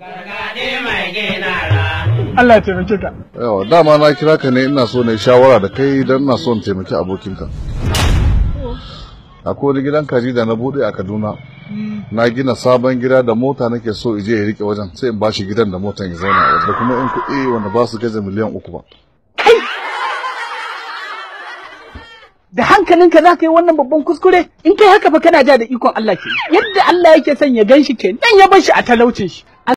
Allah ya taimake ka. Yawa dama na kira ka ne ina so na yi shawara da kai don ina so na taimaki abokinka. Ako ni gidan kaji da na buɗe a Kaduna. Na gina sabon gida da mota nake so ije ya rike wajen sai in ba shi gidan da motan ya zauna a wajen kuma in kuɗi wanda ba su gaza miliyan uku ba. da hankalinka za ka yi wannan babban kuskure in kai haka fa kana ja da ikon Allah ke yadda Allah yake son ya gan shi ke nan ya bar shi a talaucin shi